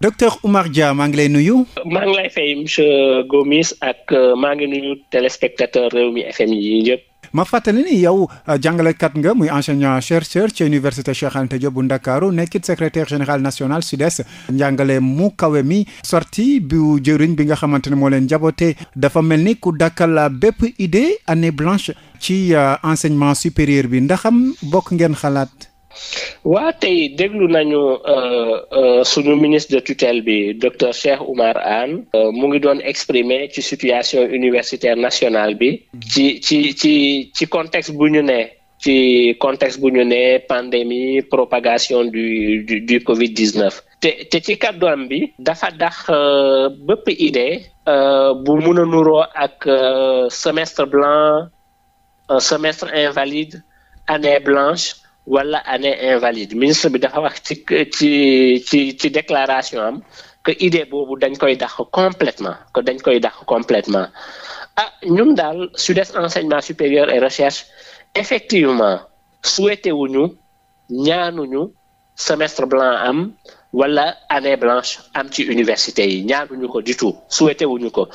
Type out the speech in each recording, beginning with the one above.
docteur Oumar Dia maa ngi lay nuyu. maa ngi lay fay monsieur Gomis ak euh, maa ngi nuyu téléspectateur Rewmi FM yi yëpp. ma fàttali ni yow euh, jàngalekat nga muy enseignant chercheur ci université Cheikh Anta Diop bu Ndakaaru nekkit secrétaire général national SUDES njàngale mu kawe mi sorti bu jëriñ bi nga xamante ne moo leen jaboote dafa mel ni ku dakkal bépp idée année blanche ci euh, enseignement supérieur bi ndaxam bokk ngeen xalaat. waa tey déglu nañu euh, euh, suñu ministre de tutelle bi docteur Cheikh Oumar Anne euh, mu ngi doon exprimer ci situation universitaire national bi mhm. ci ci ci ci contexte bu ñu ne ci contexte bu ñu ne pandémie propagation du du du Covid 19. te te ci kàddoom bi dafa dax bépp idée bu mun a nuroo ak semestre blanc semestre invalide année blanche. wala année invalide ministre bi dafa wax ci ci ci ci déclaration am que idée boobu dañ koy dàq complètement que dañ koy dàq complètement ah ñun daal su SUDES enseignement supérieur et recherche effectivement souhaité wuñu ñaanuñu semestre blanc am wala année blanche am ci université yi ñaanuñu ko du tout souhaité ko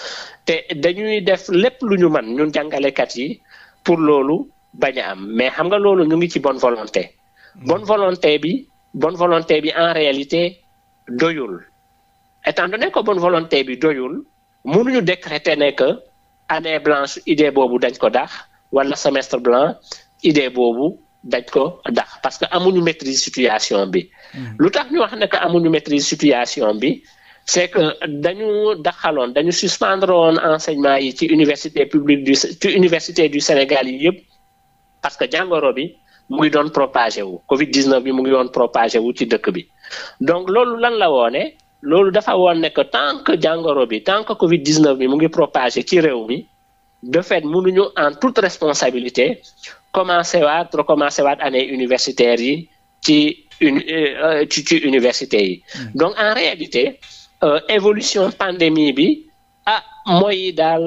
te dañuy def lépp lu ñu mën ñun jàngalekat yi pour loolu bañ am mais xam nga loolu ñu ngi ci bonne volonté mm. bonne volonté bi bon volonté bi en réalité doyul étant donné que bon volonté bi doyul mënuñu décréter ne que année blanche idée boobu dañ ko dax wala semestre blanc idée boobu dañ ko dax parce que amuñu maîtrise situation bi mm. lu tax ñu wax ne que amuñu maîtrise situation bi c'est que dañu daxaloon dañu suspendre woon enseignement yi ci université publique ci université du Sénégal yi yëpp parce que jàngoro bi mu ngi doon propagé wu Covid bi mu ngi doon propagé ci dëkk bi donc loolu lan la woone loolu dafa woon ne que tant que jàngoro bi tant que Covid 19 bi mu ngi propagé ci réew mi de fait mënuñu en toute responsabilité commencé waat recommencé waat année universitaire yi ci une euh, ci université yi. Hmm. donc en réalité euh, évolution pandémie bi. mooy daal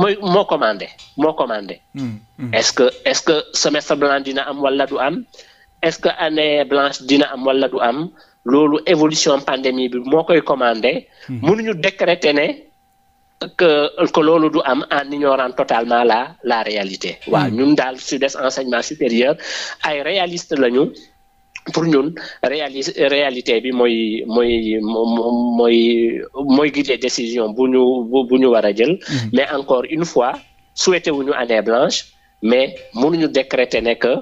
mooy moo commandé moo commandé. Hmm, hmm. est-ce que est-ce que semestre blanc dina am wala du am est-ce que année blanche dina am wala du am loolu évolution pandémie bi moo koy commandé. Hmm. ñu décréter ne. que que loolu du am en ignorant totalement la la réalité. waaw ñun daal su des enseignement supérieur ay réaliste lañu pour ñun réali réalité bi mooy mooy mooy mooy guider décision bu ñu bu ñu war a jël. Mm-hmm. mais encore une fois souhaité wuñu année blanche mais mënuñu décréter ne que.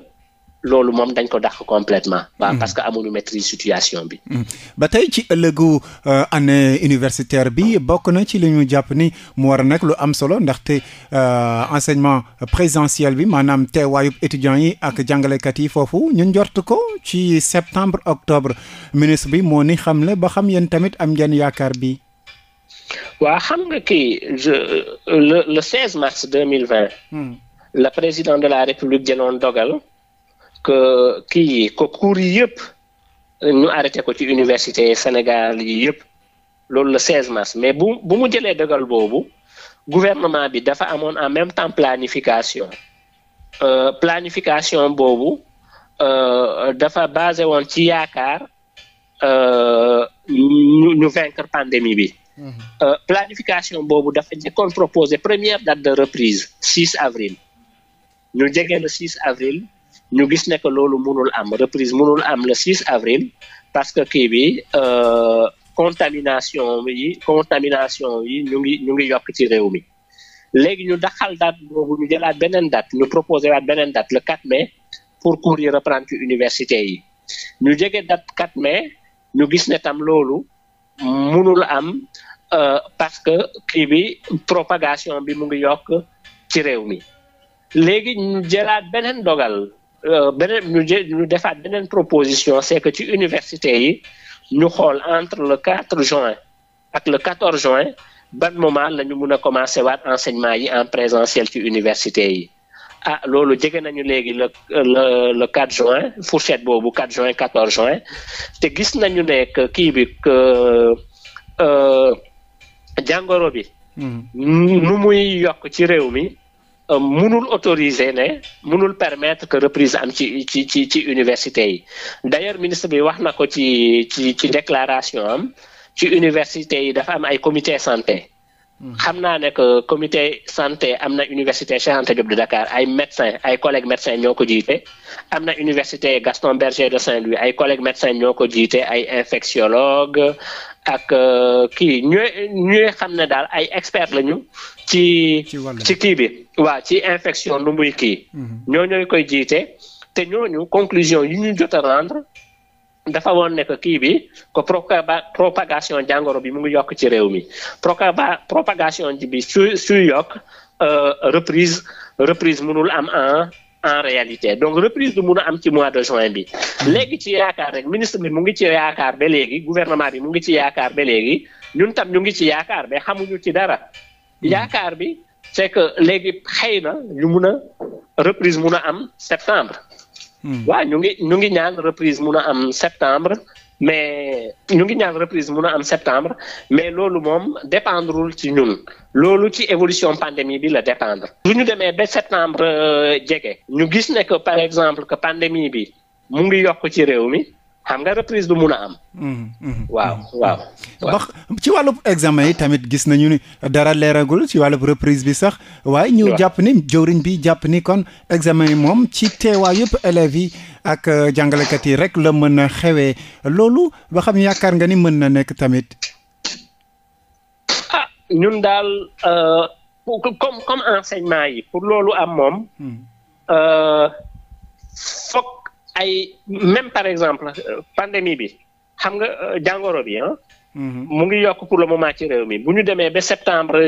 loolu moom dañ ko dàq complètement waaw hmm. parce que amuñu maîtrise situation bi hmm. ba tey ci ëllëgu euh, année universitaire bi bokk na ci lañu jàpp ni mu war a nag lu am solo ndaxte euh, enseignement présentiel bi maanaam teewaayub étudiants yi ak jàngalekat yi foofu ñu njort ko ci septembre octobre ministre bi moo ni xam le ba xam yéen tamit am ngeen yaakaar bi waa xam nga kii euh, le le 16 mars 2020 hmm. le président de la république jëloon dogal que kii yi ko cours yi yëpp ñu arrêté ko ci université Sénégal yi yëpp loolu le 16 mars mais bu bu mu jëlee dogal boobu gouvernement bi dafa amoon en même temps planification euh, planification boobu euh, dafa basé woon ci yaakaar euh, ñu ñu vaincre pandémie bi. Mm -hmm. euh, planification boobu dafa njëkkoon proposé première date de reprise 6 avril ñu jege le 6 avril. ñu gis ne que loolu mënul am reprise mënul am le 6 avril parce que kii bi euh, contamination yi contamination yi ñu ngi ñu ngi yokk ci réew mi léegi ñu daxal date boobu ñu jëlaat beneen date ñu proposé waat beneen dat le 4 mai pour cours yi reprendre ci université yi ñu jege dat 4 mai ñu gis ne tam loolu mënul am euh, parce que kii bi propagation bi mu ngi yokk ci réew mi léegi ñu jëlaat beneen dogal Euh, beneen ñu ñu defaat beneen proposition c'est que ci université yi ñu xool entre le 4 juin ak le 14 juin ban moment la ñu mun a commencer waat enseignement yi en présentiel ci université yi ah loolu jege nañu léegi le le le 4 juin fourchette boobu 4 juin 14 te gis nañu ne que kii bi que euh, jàngoro bi. Mm-hmm. nu muy yokk ci réew mi. Euh, mënul autoriser ne mënul permettre que reprise am ci ci ci ci université yi d'ailleurs ministre bi wax na ko ci ci ci déclaration am ci université yi dafa am ay comité santé hmm. xam naa ne que comité santé am na université Cheikh Anta Diop de Dakar ay médecins ay collègues médecins ñoo ko jiite am na université Gaston Berger de Saint-Louis ay collègues médecins ñoo ko jiite ay infectiologues ak euh, kii ñooy ñooy xam ne daal ay expert lañu ci ci kii bi waaw ci infection lu muy kii mhm. ñoo ñooy koy jiite te ñooñu conclusion yi ñu jot a rendre dafa woon ne que kii bi que propagation jàngoro bi mu ngi yokk ci réew mi propagation ji bi suy suy yokk euh, reprise reprise mënul am en en réalité donc reprise du mun a am ci mois de juin bi hmm. léegi ci yaakaar rek ministre bi mu ngi ci yaakaar be léegi gouvernement bi mu ngi ci yaakaar be léegi ñun tam ñu ngi ci yaakaar ba xamuñu ci dara hmm. yaakaar bi c'est que léegi xëy na ñu mun a reprise mun a am septembre hmm. waaw ñu ngi ñu ngi ñaan reprise mun a am septembre mais ñu ngi ñaan reprise mun a am septembre mais loolu moom dépendrewul ci ñun loolu ci évolution pandémie bi la dépendre bu ñu demee ba septembre euh, jege ñu gis ne que par exemple que pandémie bi mu ngi yokk ci réew mi xam nga reprise du mun a am. Mm-hmm, mm-hmm. Mm-hmm. waaw waaw. ci wàllub examen yi tamit gis nañu ni dara leeragul ci wàllub reprise bi sax. waaye ñu jàpp ni jëwriñ bi jàpp ni kon examen yi moom ci teewaa yëpp élèves yi. ak euh, jàngalekat yi rek la mën a xewee loolu ba xam yaakaar nga ni mën na nekk tamit. ah ñun daal euh, comme comme enseignement yi pour loolu am moom. Hmm. Euh, foog ay même par exemple pandémie bi xam nga jàngoro bi hmm. mu ngi yokk pour le moment ci réew mi bu ñu demee ba septembre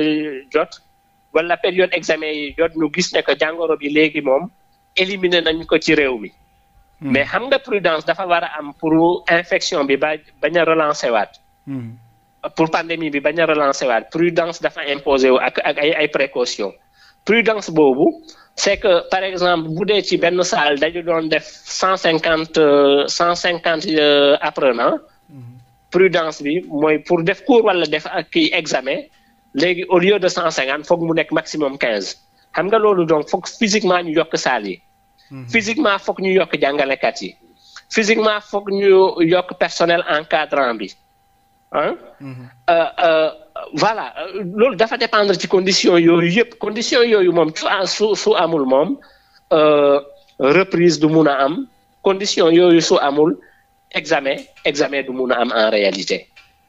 jot. wala période examen yi jot ñu gis ne jàngoro bi léegi moom éliminé nañ ko ci réew mi. Hmm. mais xam nga prudence dafa war a am pour infection bi ba bañ a relancer waat. Hmm. pour pandémie bi bañ a relancer waat prudence dafa imposer wu ak ak ay ay précautions prudence boobu c'est que par exemple bu dee ci benn salle dañu doon def cent cinquante euh, cent cinquante euh, apprenants. Hmm. prudence bi mooy pour def cours wala def ak kii examen léegi au lieu de cent cinquante foog mu nekk maximum quinze. xam nga loolu donc foog physiquement ñu yokk salle yi. Mhm. physiquement foog ñu yokk jàngalekat yi physiquement foog ñu yokk personnel encadrant bi mhm. euh, euh, voilà loolu dafa dépendre ci condition yooyu yëpp condition yooyu moom su su amul moom euh, reprise du mun a am condition yooyu su amul examen examen du mun a am en réalité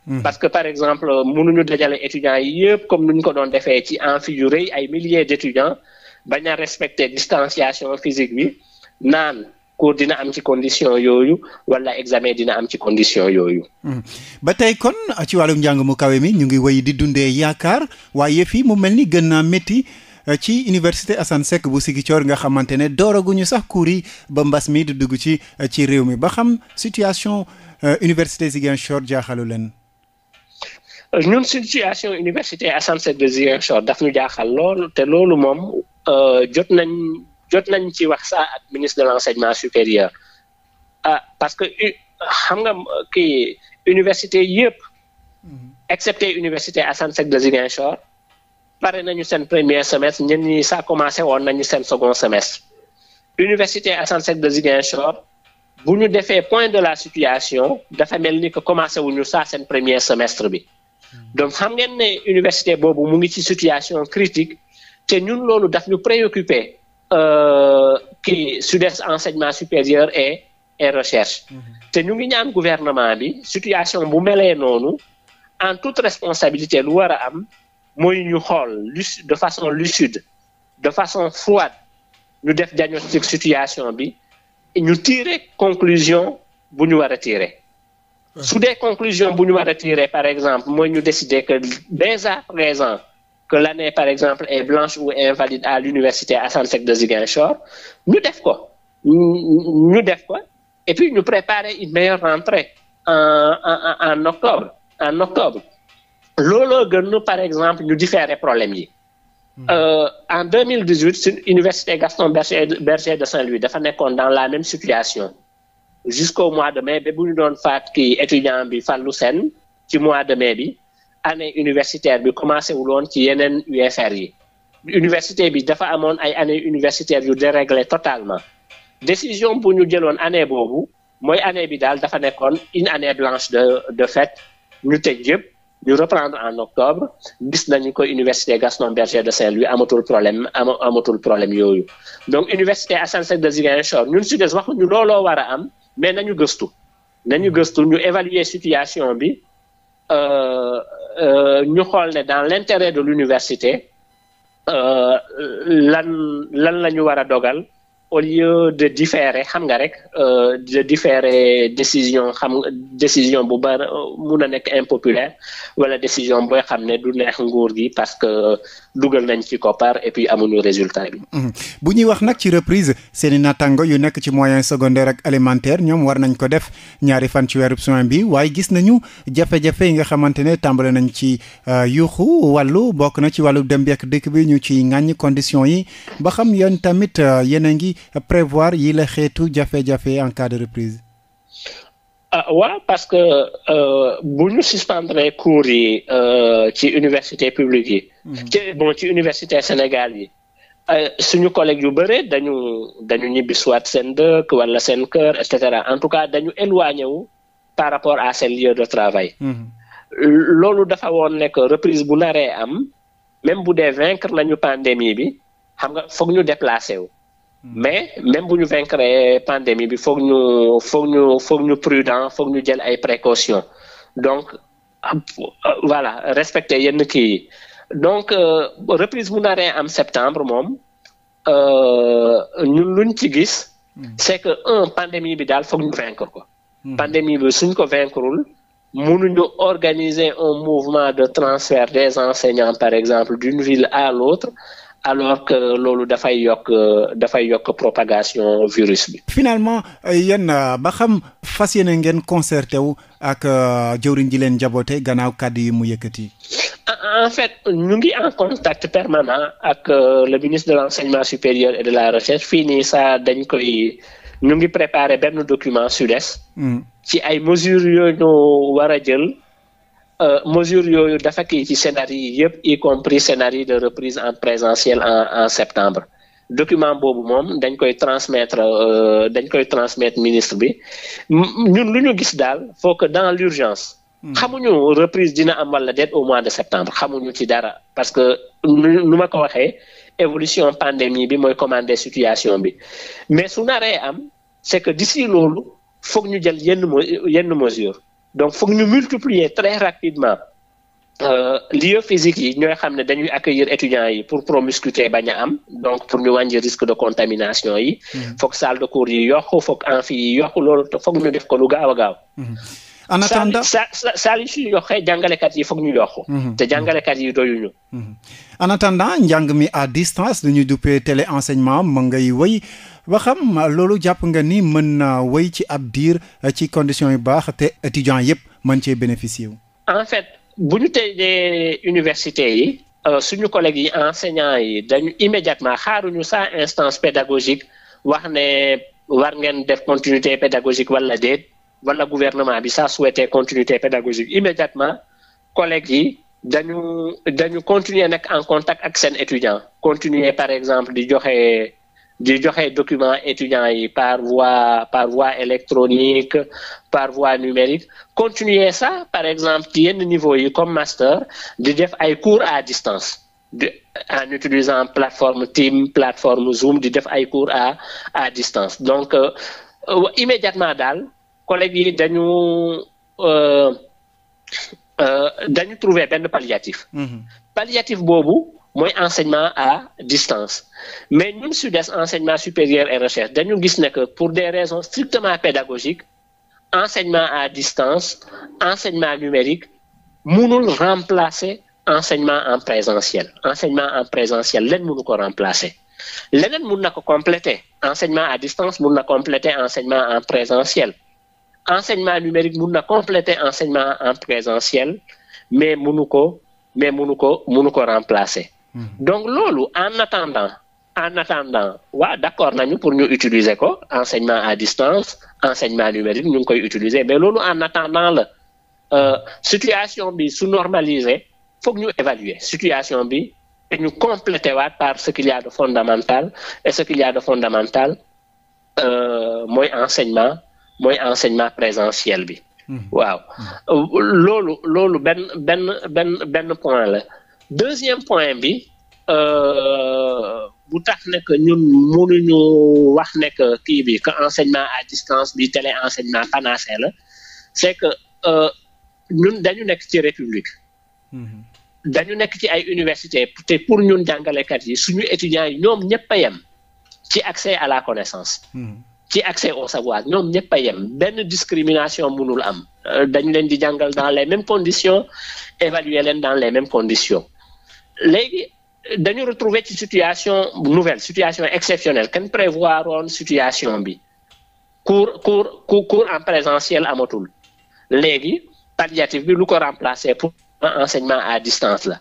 mhm. parce que par exemple mu nu mënuñu dajale étudiants yi yëpp comme nu ñu ko doon defee ci en figuré ay milliers d'étudiants bañ a respecter distanciation physique bi naan cours dina am ci condition yooyu wala examen dina am ci condition yooyu. Hmm. ba tey kon ci wàllum njàng mu kawe mi ñu ngi wéy di dundee yaakaar waaye fii mu mel ni gën naa métti. Eh, ci université Assane Seck bu Ziguinchor nga xamante ne dooraguñu sax cours yi ba mbas mi di dugg ci eh, ci réew mi ba xam situation eh, université Ziguinchor jaaxalu leen. ñun situation université Assane Seck de Ziguinchor daf ñu jaaxal loolu te loolu moom Euh, jot nañ jot nañ ci wax saa ak ministre de l' enseignement supérieur ah parce que xam nga kii université yëpp mhm. excepté université Assane Seck de Ziguinchor pare nañu seen premier semestre ñen ñi ça commencé woon nañu seen second semestre université Assane Seck de Ziguinchor bu ñu defee point de la situation dafa mel ni que commencé wuñu saa seen premier semestre bi mhm. donc xam ngeen ne université boobu mu ngi ci situation critique te ñun loolu daf ñu préoccuper euh, kii SUDES enseignement supérieur et et recherche mhm. te ñu ngi ñaan gouvernement bi situation bu melee noonu en toute responsabilité lu war a am mooy ñu xool de façon lucide de façon froide ñu def diagnostic situation bi ñu tire conclusion bu ñu war a tirer su dee conclusion bu ñu war a tirer par exemple mooy ñu décider que dès à présent que l'année par exemple est blanche ou invalide à l'université Assane Seck de Ziguinchor ñu def ko ñu def ko et ñu préparer une meilleure rentrée en en en octobre en octobre looloo gën ñu par exemple ñu différer problème yi. Hmm. Euh, en 2018 sur université Gaston Berger Berger de Saint-Louis dafa nekkoon dans la même situation jusqu'au mois de mai ba bu ñu doon faat kii étudiant bi Fallou Sène ci mois de mai bi. année universitaire bi commencé wul ci yeneen UFR yi université bi dafa amoon ay années universitaires yu déréglé totalement décision bu ñu jëloon année boobu mooy année bi daal dafa nekkoon une année blanche de de fête ñu tëj yëpp ñu reprendre en octobre gis nañu ko université Gaston Berger de Saint-Louis amatul problème ama amatul problème yooyu donc université Assane Seck de Ziguinchor ñun SUDES waxuñu looloo war a am mais nañu gëstu nañu gëstu ñu évaluer situation bi. Euh, Euh, ñu xool ne dans l'intérêt de l'université euh, lan lan la ñu war a dogal au lieu de différer xam nga rek euh, de différer décision xam nga décision bu bari euh, mun a nekk impopulaire wala décision boo xam ne du neex nguur gi parce que dugal nañ ci koppar et puis amuñu résultat bi. bu ñuy wax nag ci reprise seen i naataango yu nekk ci moyen secondaire ak alimentaire ñoom war nañ ko def ñaari fan ci weeru juin bi waaye gis nañu jafe-jafe yi nga xamante ne tàmbale nañ ci euh, yuuxu wàllu bokk na ci wàllu dem bi dëkk bi ñu ci ŋàññi conditions yi yéen tamit prévoir yi la xeetu jafe-jafe en cas de reprise. ah waaw parce que euh, bu ñu suspendre cours yi euh, ci université publique yi. Mhm. ci bon ci université Sénégal yi. Euh, suñu collègue yu bëre dañu dañu ñibbi soit seen dëkk wala seen kër et cetera en tout cas dañu éloigné wu par rapport à seen lieu de travail. Mhm. loolu dafa woon nekk reprise bu naree am même bu dee vaincre nañu pandémie bi xam nga foog ñu déplacé wu. mais même bu ñu vaincre pandémie bi foog ñu foog ñu foog ñu prudent foog ñu jël ay précautions donc voilà respecter yenn kii donc euh, reprise bu naree am septembre moom euh, ñu lu ñu ci gis. Hmm. c'est que un pandémie bi daal foog ñu vaincre ko. Hmm. pandémie bi suñ ko vaincreul mënuñu organiser un mouvement de transfert des enseignants par exemple d'une ville à l'autre alors que loolu dafay yokk dafay yokk propagation virus bi. finalement euh, yenn euh, ba xam fas yéene ngeen concerté wu ak euh, jëwriñ ji leen jaboote gannaaw kàddu yi mu yëkkati. en fait ñu ngi en contact permanent ak le ministre de l' enseignement supérieur et de la recherche fii nii saa dañ koy ñu ngi préparer benn document SUDES. Hmm. ci ay mesures yooyu ñu war a jël. Euh, mesure yooyu dafa ki ci scénario yi yëpp y compris scénario de reprise en présentiel en en septembre document boobu moom dañ koy transmettre euh, dañ koy transmettre ministre bi ñun lu ñu gis daal foo que dans l'urgence hmm. xamuñu reprise dina am wala déet au mois de septembre xamuñu ci dara parce que nu ma ko waxee évolution pandémie bi mooy commander situation bi mais su naree am c'est que di d'ici loolu foog ñu jël yenn yenn mesure donc foog ñu multiplier très rapidement euh, lieu physique yi ñooy xam ne dañuy accueillir étudiants yi pour promiscuité bañ a am donc pour ñu wàññi risque de contamination yi. Mm-hmm. foog salle de cours yi yokk foog amphi yi yokk loolu foog ñu def ko lu gaaw a gaaw. Mm-hmm. en attendant saali si yokkee jàngalekat yi foog ñu yokk mhm. te jàngalekat yi doyuñu en mhm. attendant mi à distance lu ñu duppee téléenseignement ma ngay wëy ba xam loolu jàpp nga ni mën na wëy ci ab diir ci conditions yu baax te étudiants yëpp mën cee bénéficier wu en fait bu ñu tëjee université yi euh, suñu collègues yi enseignants yi dañu immédiatement xaaruñu saa instance pédagogique wax ne war ngeen def continuité pédagogique wala déet wala gouvernement bi ça souhaité continuité pédagogique immédiatement collègues yi dañu dañu continuer nekk en contact ak seen étudiant continuer par exemple di joxe di joxe document étudiants yi par voie par voie électronique par voie numérique continuer ça par exemple ci yenn niveau yi comme master di def ay cours à distance de, en utilisant plateforme Teams plateforme Zoom di def ay cours à à distance donc euh, immédiatement daal collègues yi dañu euh, euh, dañu trouver benn palliatif. Mhm. palliatif boobu mooy enseignement à distance mais ñun SUDES enseignement supérieur et recherche dañu gis ne que pour des raisons strictement pédagogiques enseignement à distance enseignement numérique mënul remplacer enseignement en présentiel enseignement en présentiel leen mënu ko remplacer leneen mën na ko compléter enseignement à distance mën na compléter enseignement en présentiel. enseignement numérique mun na compléter enseignement en présentiel mais munu ko mais munu ko munu ko remplacer. Mhm. donc loolu en attendant en attendant waa d' accord nañu pour ñu utiliser ko enseignement à distance enseignement numérique ñu ngi koy utiliser mais loolu en attendant la euh, situation bi su normaliser foog ñu évaluer situation bi te ñu compléter waat par ce qu'il y de fondamental et ce qu'il y a de fondamental euh, mooy enseignement mooy enseignement présentiel bi. Hmm. waaw loolu loolu benn benn benn benn point la deuxième point bi euh, bu tax ne que ñun ñu wax ne que kii bi que enseignement à distance bi télé enseignement panacée la c'est que euh, ñun dañu nekk ci république. Hmm. dañu nekk ci ay université te pour ñun jàngalekat yi suñu étudiants yi ñoom ñëpp a yem ci accès à la connaissance. Hmm. ci accès au savoir ñoom ñëpp a yem benn discrimination mënul am euh, dañu leen di jàngal dans les mêmes conditions évaluer leen dans les mêmes conditions léegi dañu retrouver ci situation nouvelle situation exceptionnelle kenn prévoir woon situation bi cours cours cours en présentiel amatul léegi palliatif bi lu ko remplacer pour enseignement à distance la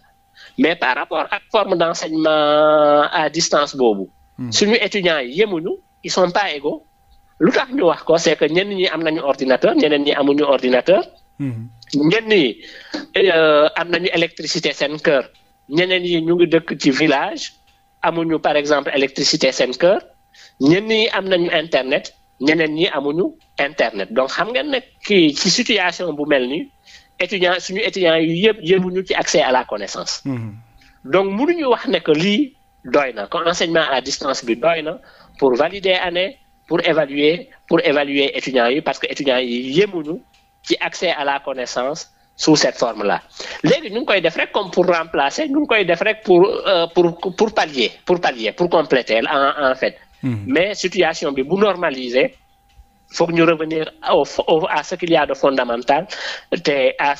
mais par rapport ak forme d'enseignement à distance boobu hmm. suñu étudiants yi yemuñu ils sont pas égaux lu tax ñu wax ko c'est que ñenn ñi am nañu ordinateur ñeneen ñi amuñu mhm. ñenn ñi euh, am nañu électricité seen kër. ñeneen yi ñu ngi dëkk ci village amuñu par exemple électricité seen kër ñenn ñi am nañu internet ñeneen ñi amuñu internet donc xam ngeen ne kii ci situation bu mel ni étudiant suñu étudiants yi yëpp yëmuñu ci accès à la connaissance. Mhm. donc mënuñu wax ne lii doy na que enseignement à distance bi doy na pour valider année. pour évaluer pour évaluer étudiants yi parce que étudiants yi yemuñu ci accès à la connaissance sous cette forme la léegi ñu ngi koy def rek comme pour remplacer ñu ngi koy def rek pour euh, pour pour pallier pour pallier pour compléter en en fait. Mmh. mais situation bi bu normaliser foog ñu revenir à ce qu'il y a de fondamental te à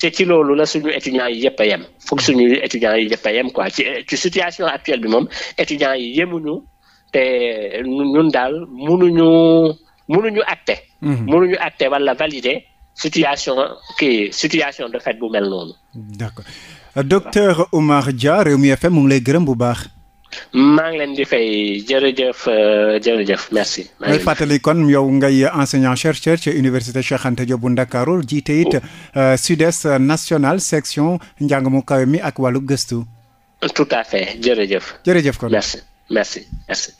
te ci loolu la suñu étudiants yi yëpp a yem su suñu étudiants yi yëpp a yem quoi ci ci situation actuelle bi moom étudiants yi yemuñu. te ñun daal mënuñu mënuñu acté. mënuñu mhm. acté wala valider situation kii situation de fait bu mel noonu. d'accord docteur Oumar Dia Rewmi FM mu lay gërëm bu baax. maa ngi leen di fay jërëjëf euh, jërëjëf merci. may fàttali kon yow ngay enseignant chercheur ci université Cheikh Anta Diop bu Ndakaaru jiite it oh. euh, Sud-Est national section njàng mu kawe ak wàllu gëstu. tout à fait jërëjëf. jërëjëf kon merci merci